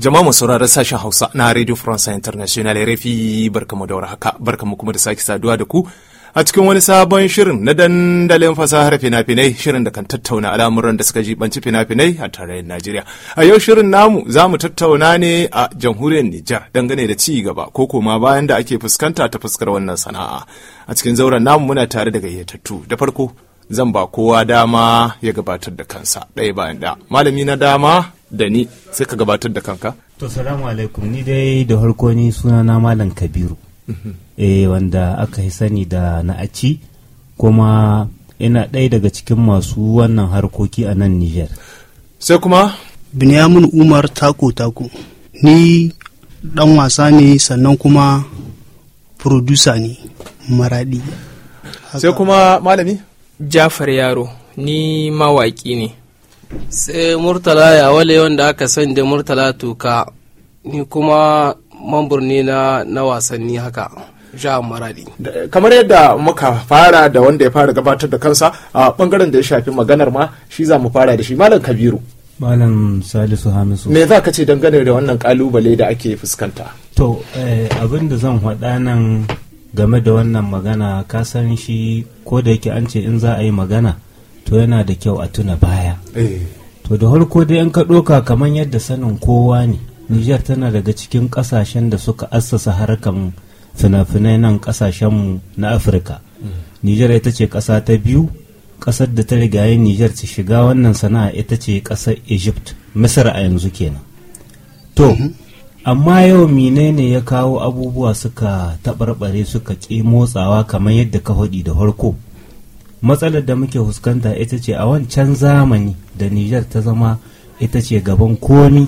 Jama'a mu saurara sashen Hausa na Radio France International RFI barkamu da barka barkamu kuma da sake saduwa da ku a cikin wani sabon shirin na dandalin fasahar fina-finai shirin da kan tattauna al'amuran da suka jibanci fina-finai a tarayyar Najeriya. A yau shirin namu za mu tattauna ne a jamhuriyar Nijar dangane da ci gaba ko kuma bayan da ake fuskanta ta fuskar wannan sana'a. A cikin zauren namu muna tare da gayyatattu da farko zan ba kowa dama ya gabatar da kansa ɗaya bayan da malami na dama da ni sai ka gabatar da kanka to salamu alaikum ni dai da harko ni suna na malam kabiru mhm. eh wanda aka yi sani da na'aci kuma ina ɗaya daga cikin masu wannan harkoki a nan niger sai kuma binyamin umar tako tako ni ɗan wasa ne sannan kuma producer ne maradi sai kuma malami jafar yaro ni mawaki ne sai murtala ya wale wanda aka sani da murtala tuka ni kuma mambur na, na wasanni haka jihar maradi kamar yadda muka fara da wanda ya fara gabatar da kansa a bangaren da ya shafi maganar ma shi za mu fara da shi malam kabiru malam salisu hamisu me za ka ce dangane da wannan kalubale da ake fuskanta to eh, abin da zan faɗa nan game da wannan magana ka san shi ko da yake an ce in za a yi magana to yana da kyau a tuna baya eh. to da harko dai in ka ɗoka kamar yadda sanin kowa ne nijar tana daga cikin ƙasashen da suka assasa harkan fina-finai nan ƙasashenmu na afirka mm. nijar ita ce ƙasa ta biyu ƙasar da ta yin nijar ta shiga wannan sana'a ita ce ƙasar egypt misir a yanzu kenan to mm-hmm. amma yau menene ya kawo abubuwa suka taɓarɓare suka ƙi motsawa kamar yadda ka faɗi da harko. matsalar da muke huskanta ita ce a wancan zamani da nijar ta zama ita ce gaban komi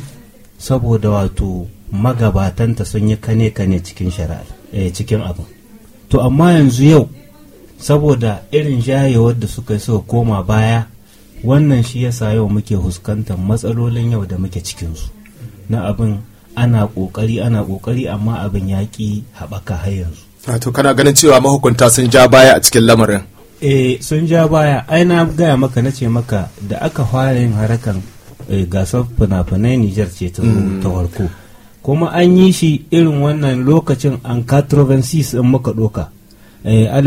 saboda wato magabatanta sun yi kane-kane cikin shari'a eh, cikin abu to amma yanzu yau saboda irin jayewar da suka yi suka koma baya wannan shi yasa yau muke huskanta matsalolin yau da muke cikinsu na abin ana kokari ana kokari amma abin yaƙi haɓaka har yanzu to kana ganin cewa mahukunta sun ja baya a cikin lamarin eh sun ja baya ai na gaya maka na ce maka da aka fara yin harakan eh, gasar fina-finai Nijar ce ta mm. ta farko kuma an yi shi irin wannan lokacin an 86 in muka doka eh, a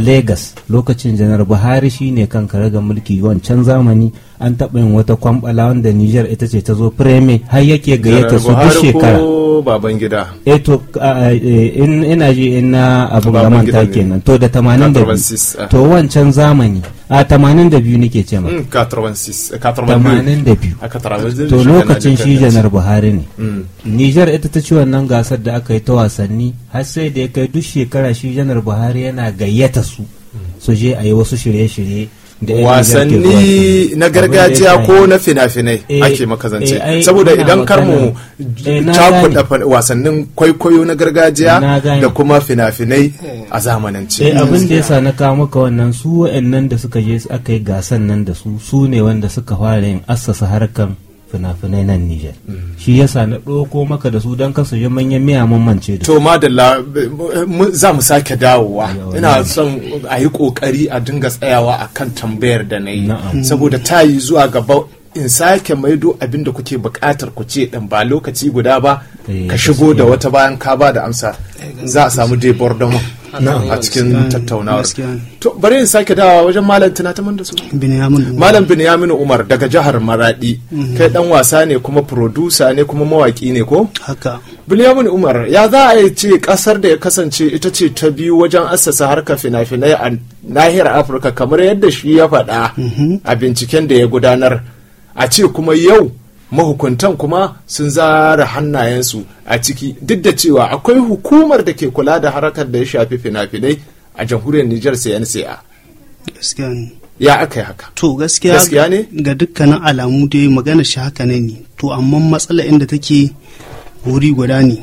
Legas lokacin janar Buhari shi ne kan karagar mulki wancan zamani an taɓa yin wata kwambala wanda Nijar ita ce ta zo fireme har yake gayyata su duk shekara. baban gida eh to eh, in ina ji in na abun gaman take kenan to da 82 ah. to wancan zamani a 82 nake ce ma 82 hmm, eh, to lokacin shi janar buhari ne hmm. nijar ita ta ci wannan gasar da aka yi ta wasanni har sai da ya kai duk shekara shi janar buhari yana gayyata su hmm. su je a yi wasu shirye-shirye wasanni na gargajiya ko na fina-finai eh, ake makazance eh, saboda idan karmu mu eh, wasannin kwaikwayo na gargajiya da kuma fina-finai a zamanance abin da yasa na kawo maka wannan su wa'annan da suka je aka yi gasan nan da su su ne wanda suka fara yin assasa harkan fina-finai nan Nijar. Mm. Shi yasa na ɗauko maka da su don kasu yi manyan miya mun mance da. To madalla za mu sake dawowa. Ina son a yi ƙoƙari a dinga tsayawa a kan tambayar da na yi. Saboda ta yi zuwa gaba in sake maido abin da kuke buƙatar ku ce ɗin ba lokaci guda ba eh, ka shigo da wata bayan ka ba da amsa eh, za a samu dai bordomo. a cikin tattaunawar to bari in sake dawa wajen malam ta da su malam binyamin umar daga jihar maradi mhm. kai dan wasa ne kuma producer ne kuma mawaki ne ko haka binyamin umar ya za a yi ce kasar da ya kasance ita ce ta biyu wajen assasa harkar fina-finai a nahiyar afirka kamar yadda shi ya faɗa mhm. a binciken da ya gudanar a ce kuma yau mahukuntan kuma sun zara hannayensu a ciki duk da cewa akwai hukumar da ke kula da harakar da ya shafi fina-finai a jamhuriyar Nijar sai. CNCA. Gaskiya ne. Ya aka yi haka. To gaskiya ne? Ga dukkanin alamu dai magana shi haka ne ne. To amma matsala inda take wuri guda ne.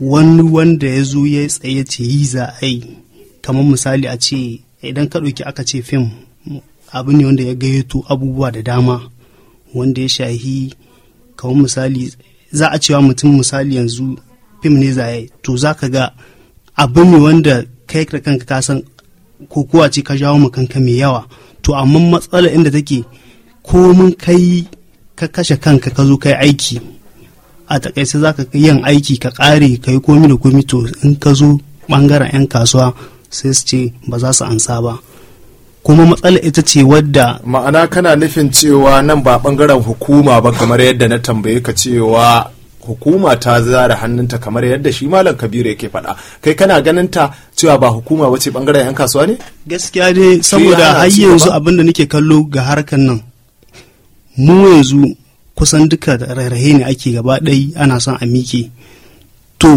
Wani wanda ya zo ya tsaye ce yi za a yi. Kamar misali a ce idan ka ɗauki aka ce fim abu ne wanda ya gayyato abubuwa da dama. wanda ya shahi kawai misali za a cewa mutum misali yanzu fim ne za to za ka ga abin ne wanda kai da kanka ka san ko kowa ce ka jawo kanka mai yawa to amma matsala inda take komin kai ka kashe kanka ka zo kai aiki a takaice za ka yin aiki ka kare ka yi komi da komi to in ka zo bangaren 'yan kasuwa sai su ce ba za su ansa ba kuma matsalar ita ce wadda ma'ana kana nufin cewa nan ba bangaren hukuma ba kamar yadda na tambaye ka cewa hukuma ta zara hannunta kamar yadda shi malam kabiru yake faɗa kai kana ganin ta cewa ba hukuma wace bangaren yan kasuwa ne gaskiya dai saboda har yanzu abin da nake kallo ga harkan nan mu yanzu kusan duka da ne ake gaba ɗai ana son a miƙe to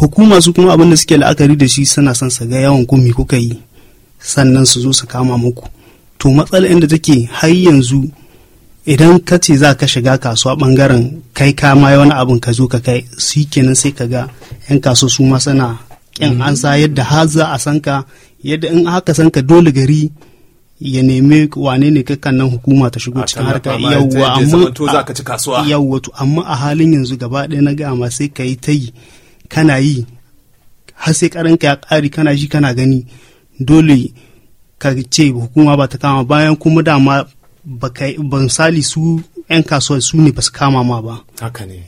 hukuma su kuma abin da suke la'akari da shi suna son sa ga yawan gumi kuka yi sannan su zo su kama muku to matsala inda take har yanzu idan ka ce za ka shiga kasuwa bangaren kai kama wani abin ka zo ka kai su kenan sai ka ga 'yan kasuwa su ma sana kyan mm. an sa yadda har za a san ka yadda in aka san ka dole gari ya nemi wane ne kakan nan hukuma ta shigo cikin harka yawwa amma yawwa to amma a halin yanzu gaba ɗaya na gama sai ka yi ta yi kana yi har sai karanka ya ƙari kana ji kana gani dole ka ce hukuma ba ta kama bayan kuma dama ba misali su 'yan kasuwa su ne ba su kama ma ba haka ne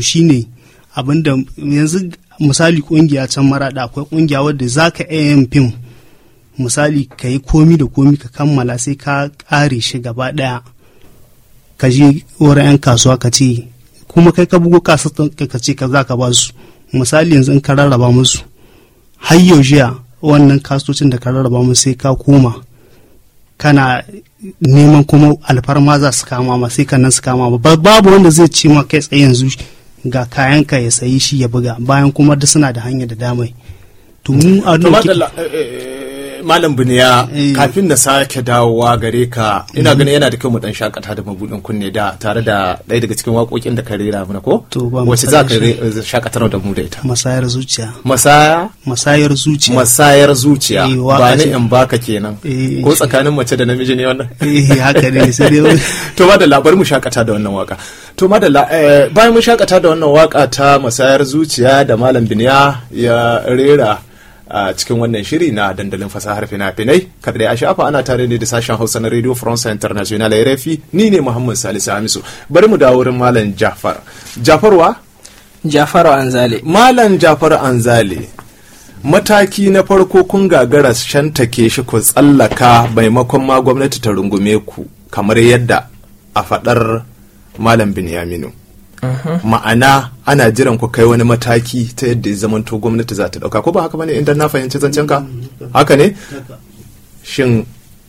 shine abinda yanzu misali kungiya can marada akwai kungiya wadda za ka yin fim misali ka yi komi da komi ka kammala sai ka kare shi gaba daya ka je wurin 'yan kasuwa ka ce kuma kai ka bugu kasatan ka ce ka za ka ba su misali yanzu in ka rarraba musu har yau jiya wannan kastocin da ka rarraba mu sai ka koma kana neman kuma alfarma za su kama ma sai nan su kama ma babu wanda zai ci ma kai tsaye yanzu ga kayan ka ya sayi shi ya buga bayan kuma duk suna da hanya da damai to mu a eh, eh, eh, malam Biniya. Eh. kafin na sake dawowa gare ka ina mm-hmm. ganin yana da kyau mu dan shakata da mabudin kunne da tare da ɗaya daga cikin waƙoƙin da ka rera mana ko wace za ka shakatar da mu da ita masayar zuciya masaya masayar zuciya masayar zuciya eh, ba ni in baka kenan eh. ko tsakanin mace da namiji ne wannan eh haka ne sai dai to ba da labar mu shakata da wannan waka to madalla bayan mu shakata da wannan waka ta masayar zuciya da malam biniya ya rera a cikin wannan shiri na dandalin fasahar fina-finai kada a shafa ana tare ne da sashen hausa na radio france international rfi ni ne muhammad salisu hamisu bari mu dawo wurin malam jafar jafarwa jafar anzale malam jafar anzale mataki na farko kun gagara shan take shi ku tsallaka maimakon ma gwamnati ta rungume ku kamar yadda a faɗar malam binyaminu ma'ana ana jiran ku kai wani mataki ta yadda ya zamanto gwamnati za ta dauka ko ba haka bane idan na fahimci zancen ka mm, mm, mm. haka ne shin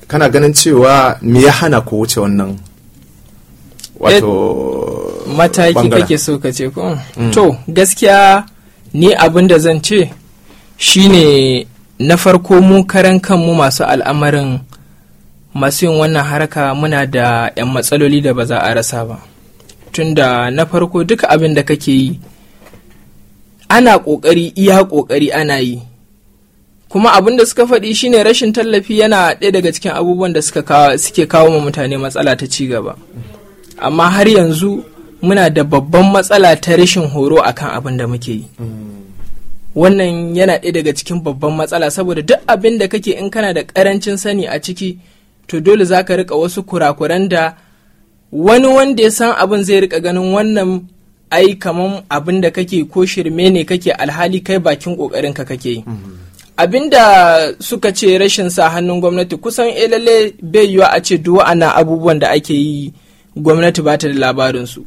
kana ganin cewa me ya hana ku wuce wannan wato eh, mataki kake so ka ce ko to gaskiya ni abin da zan ce shine na farko mu karan kanmu masu al'amarin masu yin wannan haraka muna da 'yan matsaloli da ba za a rasa ba tunda na farko duka abin da kake yi ana ƙoƙari iya ƙoƙari ana yi kuma abin da suka faɗi shine rashin tallafi yana ɗaya daga cikin abubuwan da suke kawo ma mutane matsala ta ci gaba amma har yanzu muna da babban matsala ta rashin horo akan abin da muke yi wannan yana ɗaya daga cikin babban matsala saboda duk abin da kake in kana da ƙarancin sani a ciki to dole za ka riƙa wasu kurakuran da wani wanda ya san abin zai rika ganin wannan ai kaman abin da kake ko shirme ne kake alhali kai bakin kokarin ka kake abin da suka ce rashin sa hannun gwamnati kusan eh lalle bai yiwa a ce duwa ana abubuwan da ake yi gwamnati ba ta da labarinsu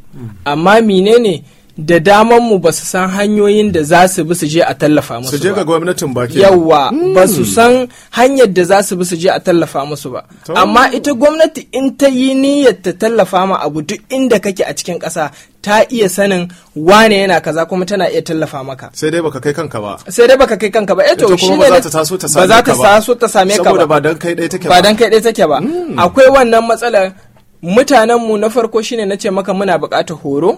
amma menene ne da daman mu ba su san hanyoyin da za su bi su je a tallafa musu ba. Su je ga gwamnatin baki. Yawwa hmm. ba su san hanyar da za su bi su je a tallafa musu ba. Amma ita gwamnati in ta yi niyyar ta tallafa ma abu duk inda kake a cikin ƙasa ta iya sanin wane yana kaza kuma tana iya tallafa maka. Sai dai baka kai kanka ba. Sai dai baka kai kanka ba. Eto eh shi ne ba za ta taso ta same ba. Ba za ta taso ta same ka ba. Saboda ba dan kai ɗaya take ba. Ba dan kai ɗaya take ba. Hmm. Akwai wannan matsalar mutanenmu na farko shine na ce maka muna buƙatar horo.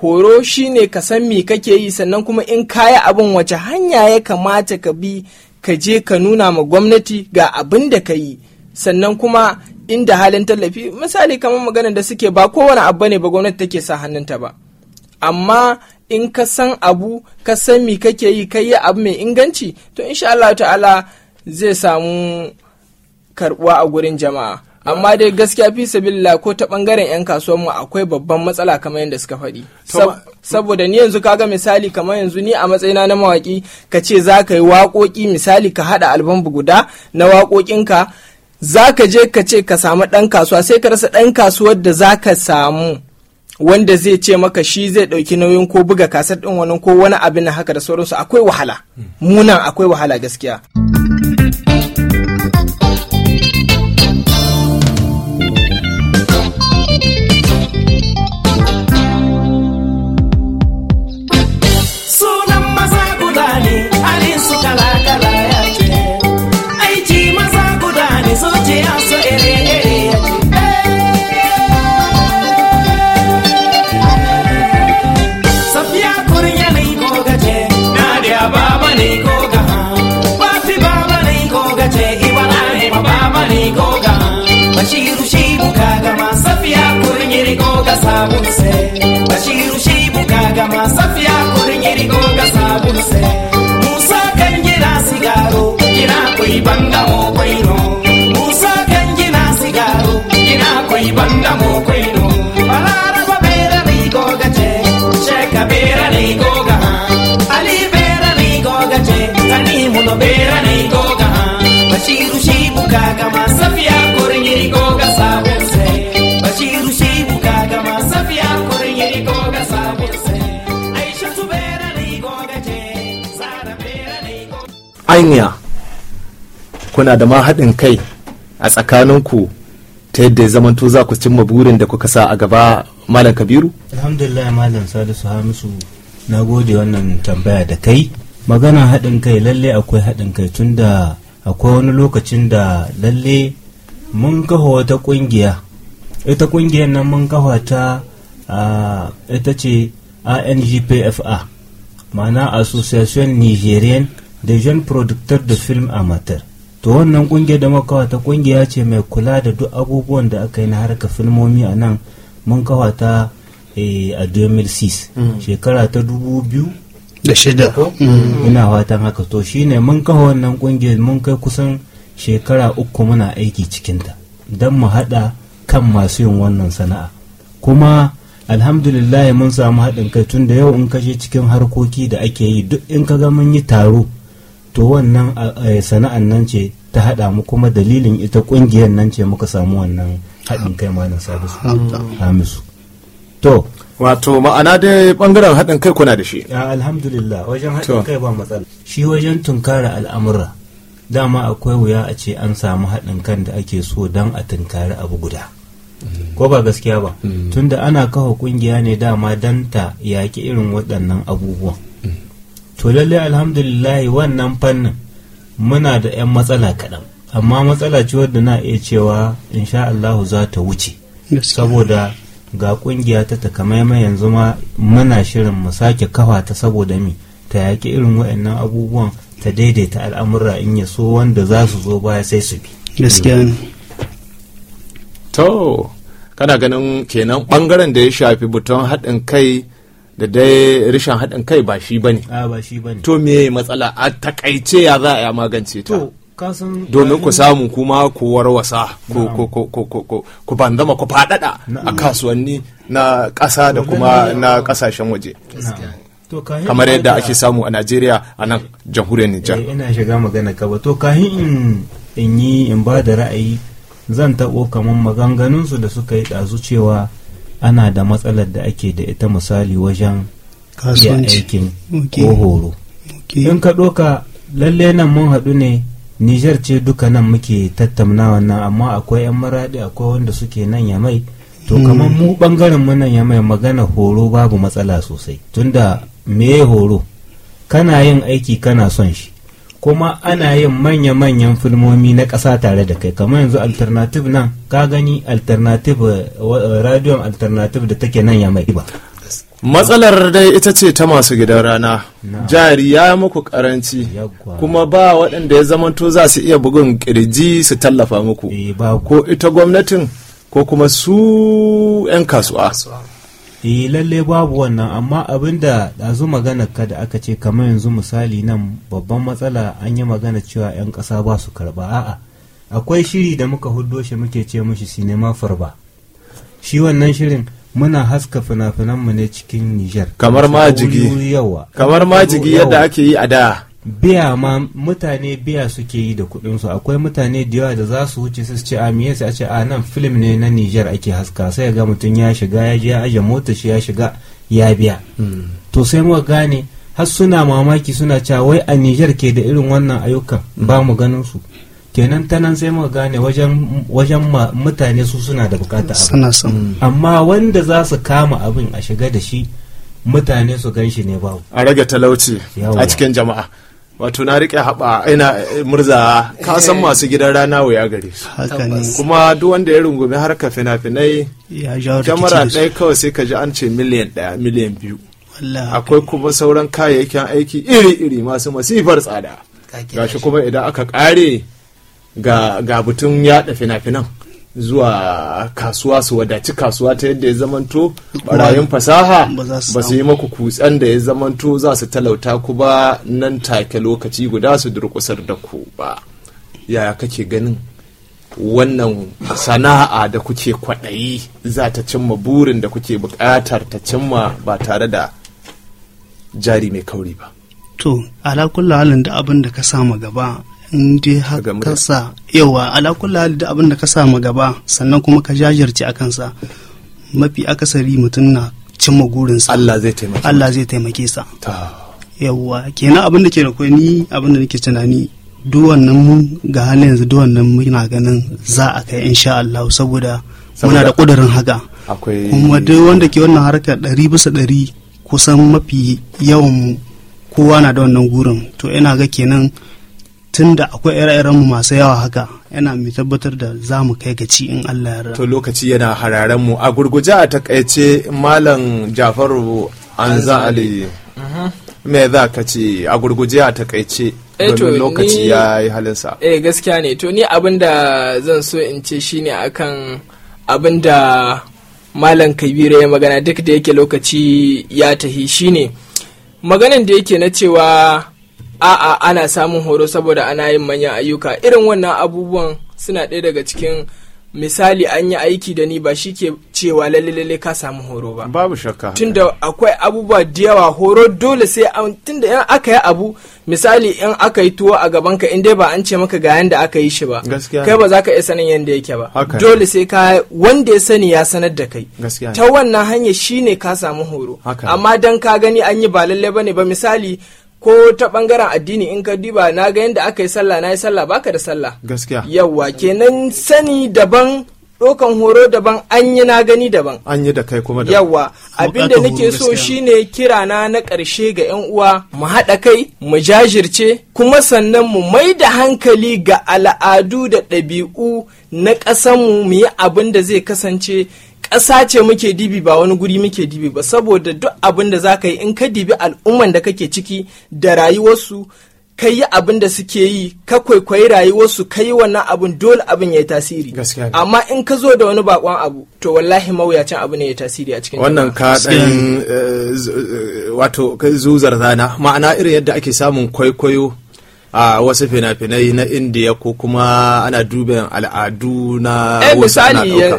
horo shine ka san me kake yi sannan kuma in kaya abin wace hanya ya kamata ka bi ka je ka nuna ma gwamnati ga abin da ka yi sannan kuma inda halin tallafi misali kamar maganar da suke ba kowane abu ne ba gwamnati take sa hannunta ba amma in ka san abu ka san me kake yi ka yi abu mai inganci to insha Allah ta'ala zai samu karbuwa a gurin jama'a amma dai gaskiya fi sabilla ko ta bangaren yan kasuwan mu akwai babban matsala kamar yadda suka faɗi saboda ni yanzu kaga misali kamar yanzu ni a matsayina na mawaki ka ce za ka yi waƙoƙi misali ka haɗa albambu guda na waƙoƙinka za ka je ka ce ka samu ɗan kasuwa sai ka rasa ɗan kasuwar da za ka samu wanda zai ce maka shi zai ɗauki nauyin ko buga kasar ɗin wani ko wani abin haka da sauransu akwai wahala hmm. munan akwai wahala gaskiya. bera na goga bashiru shi buka gama safiya kurin yiri goga sabon sai bashiru shi buka gama safiya kurin yiri goga sabon sai aisha su bera na goga je sara bera na goga anya kuna da ma haɗin kai a tsakaninku ta yadda ya zamanto za ku cimma burin da kuka sa a gaba malam kabiru alhamdulillah malam salisu hamisu na gode wannan tambaya da kai magana haɗin kai lalle akwai haɗin kai tunda akwai wani lokacin da lalle mun kafa wata ƙungiya ita ƙungiyar nan mun kafa ta ita ce ingpfa ma'ana association nigerian da jeunes producteurs de film amateur to wannan ƙungiyar da muka ta ƙungiya ce mai kula da duk abubuwan da aka yi na harkar filmomi a nan mun kawata ta eh, a 2006 mm. shekara ta 2000 da shida mm. ina watan haka to shine mun kawo wannan kungiyar mun kai kusan shekara uku muna aiki cikinta don mu haɗa kan masu yin wannan sana'a kuma alhamdulillah mun samu haɗin kai tun da yau in kashe cikin harkoki da ake yi duk in ka ga mun yi taro to wannan eh, sana'an nan ce ta haɗa mu kuma dalilin ita kungiyar nan ce muka samu wannan haɗin kai malam sabisu hamisu to wato ma'ana dai bangaren haɗin kai kuna da shi alhamdulillah wajen haɗin kai ba matsala shi wajen tunkara al'amura dama akwai wuya a ce an samu haɗin kan da ake so don a tunkari abu guda ko ba gaskiya ba mm. tunda ana kawo kungiya ne dama don ta yaƙi irin waɗannan abubuwan to lallai alhamdulillah wannan fannin muna da 'yan matsala kaɗan amma matsala ce wadda na iya cewa insha Allahu za ta wuce saboda ga kungiya ta takamaimai yanzu ma muna shirin mu sake kafa ta saboda mi ta yaƙi irin waɗannan abubuwan ta daidaita al'amura in ya so wanda za su zo baya sai su bi to kana ganin kenan bangaren da ya shafi buton haɗin kai da dai rishin haɗin kai ba shi bane a ba shi bane to me matsala a takaice ya za a magance ta to domin ku samu kuma ku warwasa ku bandama ku faɗaɗa a kasuwanni na ƙasa da kuma na ƙasashen waje kamar yadda ake samu a najeriya a nan jamhuriyar nijar eh, ina shiga magana ka ba to kahin in yi in ba da ra'ayi zan taɓo kamar maganganunsu da suka yi ɗazu cewa ana da matsalar da ake da ita misali wajen iya aikin ko horo in ka doka lalle nan mun haɗu ne nijar ce duka nan muke tattaunawa wannan amma akwai 'yan maradi akwai wanda suke nan yamai to hmm. kamar mu bangaren mu nan yamai magana horo babu matsala sosai tunda me horo kana yin aiki kana son shi kuma ana yin manya-manyan filmomi na ƙasa tare da kai kamar yanzu alternative nan ka gani alternative radiyon radio alternative da take nan yamai ba matsalar dai ita ce ta masu gidan rana jari ya yi muku karanci kuma ba waɗanda ya zamanto za su iya bugun kirji su tallafa muku eh, ko ita gwamnatin ko kuma su 'yan kasuwa eh lalle babu wannan amma abin da ɗazu magana kada aka ce kamar yanzu misali nan babban matsala an yi magana cewa 'yan ƙasa ba su karba a'a akwai shiri da muka huddo shi muke ce mushi sinema farba shi wannan shirin muna haska fina mu ne cikin Nijar. Kamar majigi. Kamar majigi yadda ake yi a da. Biya ma mutane biya suke yi da kuɗinsu akwai mutane da yawa da za su wuce su ce ah, a miye a ce a ah, nan film ne na Nijar ake haska sai ga mutum ya shiga ya je aje mota shi ya shiga ya biya. Hmm. To sai muka gane har suna mamaki suna cewa wai a Nijar ke da irin wannan ayyukan ba mu ganin su. kenan ta nan sai muka gane wajen mutane su suna da bukata abu. Mm. amma wanda za su kama abin a shiga da shi mutane su gan shi ne babu a rage talauci a cikin jama'a wato na rike haɓa ina eh, murza ka san masu gidan rana wuya gari kuma duk wanda ya rungumi ka fina-finai kyamara ɗaya kawai sai ka ji an ce miliyan ɗaya miliyan biyu akwai kuma sauran kayayyakin aiki iri-iri masu masifar tsada gashi kuma idan aka ƙare ga, ga yaɗa yada fina-finan zuwa kasuwa su wadaci kasuwa ta yadda ya zamanto barayin fasaha ba su yi maku kutsen da ya zamanto za su talauta ku ba nan take lokaci guda su durkusar da ku ba yaya kake ganin wannan sana'a da kuke kwaɗayi za ta cimma burin da kuke buƙatar ta cimma ba tare da jari mai kauri ba to ala halin da abin da ka samu gaba ndi haka yawa sa yawa da abin da ka samu gaba sannan kuma ka jajirce a kansa mafi akasari mutum na cimma gurinsa Allah zai taimake Allah zai taimake sa yawa kenan abin da ke da kwai ni abin da nake tunani duwannan mu ga halin yanzu duwannan muna ganin za a kai insha Allah saboda muna da kudurin haka kuma duk wanda ke wannan harka ɗari bisa ɗari kusan mafi yawan kowa na da wannan gurin to ina ga kenan tunda akwai ire-iren masu yawa haka yana mai tabbatar da za mu kai gaci in Allah ya To lokaci yana hararen mu a gurguje a takaice Malam Jafaru Anza Ali. Mhm. Me za ka ce a gurguje a takaice eh, domin lokaci ya yi halinsa. Eh gaskiya ne to ni abin da zan so in ce shine akan abin da Malam Kabiru ya magana duk da yake lokaci ya tahi shine Maganin da yake na cewa a'a ana samun horo saboda ana yin manyan ayyuka irin wannan abubuwan suna ɗaya daga cikin misali an yi aiki da ni ba shi ke cewa lalle ka samu horo ba babu shakka tunda akwai abubuwa da yawa horo dole sai an tunda yan aka yi abu misali in aka yi tuwo a gaban ka in dai ba an ce maka ga yanda aka yi shi ba kai ba za ka iya sanin yanda yake ba dole sai ka wanda ya sani ya sanar da kai ta wannan hanya shine ka samu horo amma dan ka gani an yi ba lalle bane ba misali ko ta bangaren addini in ka diba na ga yadda aka yi sallah na yi sallah baka da sallah gaskiya yawa kenan sani daban dokan horo daban an yi na gani daban an yi da kai kuma da yawa abinda nake so shine kira na na karshe ga yan uwa mu haɗa kai mu jajirce kuma sannan mu mai da hankali ga al'adu da ɗabi'u na ƙasanmu mu yi abin da zai kasance ƙasa ce muke dibi ba wani guri muke dibi ba saboda duk abin da za ka yi in ka dibi al'umman da kake ciki da rayuwarsu ka yi abin da suke yi ka kwaikwayi rayuwarsu ka yi wannan abin dole abin ya yi tasiri amma in ka zo da wani bakon abu to wallahi mawuyacin abu ne ya tasiri a cikin wannan ka ɗan eh, eh, wato zuzar zana ma'ana irin yadda ake samun kwaikwayo a wasu fina-finai na indiya ko kuma ana duban al'adu na eh,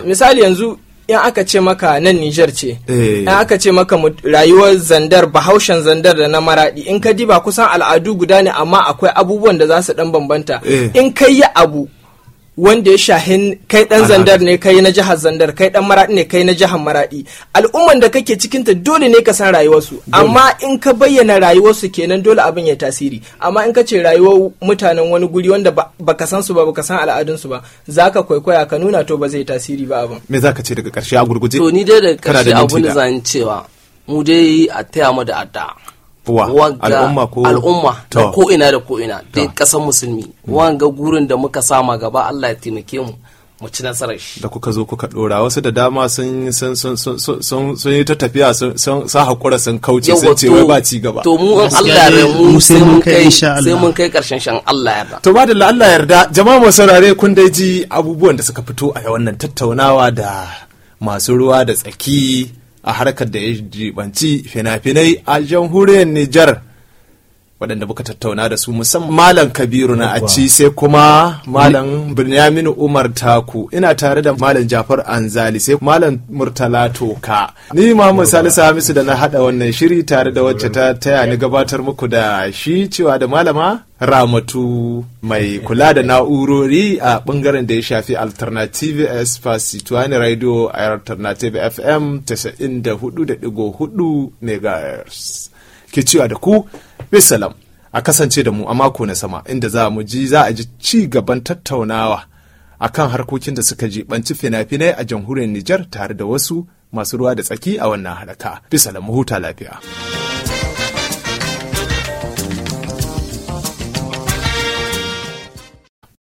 misali yanzu in aka ce maka nan Nijar ce eh. in aka ce maka rayuwar zandar bahaushen zandar da na maraɗi, in ka diba kusan al'adu guda ne amma akwai abubuwan da za su ɗan bambanta eh. in kai yi abu wanda ya shahin kai dan zandar ne kai na jihar zandar kai dan maradi ne kai na jihar maradi al'umman da kake cikin ta dole ne ka san rayuwarsu amma in ka bayyana rayuwarsu kenan dole abin ya tasiri amma in ka ce rayuwar mutanen wani guri wanda baka san su ba baka san al'adun su ba zaka kwaikwaya ka nuna to ba zai tasiri ba abin me zaka ce daga karshe a gurguje to ni dai daga karshe abin da zan cewa mu dai a taya mu da adda wa al'umma ko al'umma da ko ina da ko ina da kasan musulmi wanga gurin da muka sama gaba Allah ya taimake mu mu ci nasarar shi da kuka zo kuka dora wasu da dama sun sun sun sun yi ta tafiya sun sa hakura sun kauce sun ce wai ba ci gaba to mu Allah ya mu sai mun kai sai mun kai karshen shan Allah yarda to ba da Allah yarda jama'a mu saurare kun dai ji abubuwan da suka fito a wannan tattaunawa da masu ruwa da tsaki a harkar da ya jibanci fina-finai a jamhuriyar Nijar waɗanda muka tattauna da su musamman malam kabiru na aci sai kuma malam binyaminu umar taku ina tare da malam jafar anzali sai malam murtala toka ni ma misali samisu da na haɗa wannan shiri tare da wacce ta taya ni gabatar muku da shi cewa da malama ramatu mai kula da na'urori a ɓangaren da ya shafi alternative espacituani radio alternative fm 94.4 megahertz ke cewa da ku bisalam a kasance da mu a mako na sama inda za mu ji za a ji ci gaban tattaunawa akan harkokin da suka jibanci fina-finai a jamhuriyar Nijar tare da wasu masu ruwa da tsaki a wannan halaka Bisalam huta lafiya.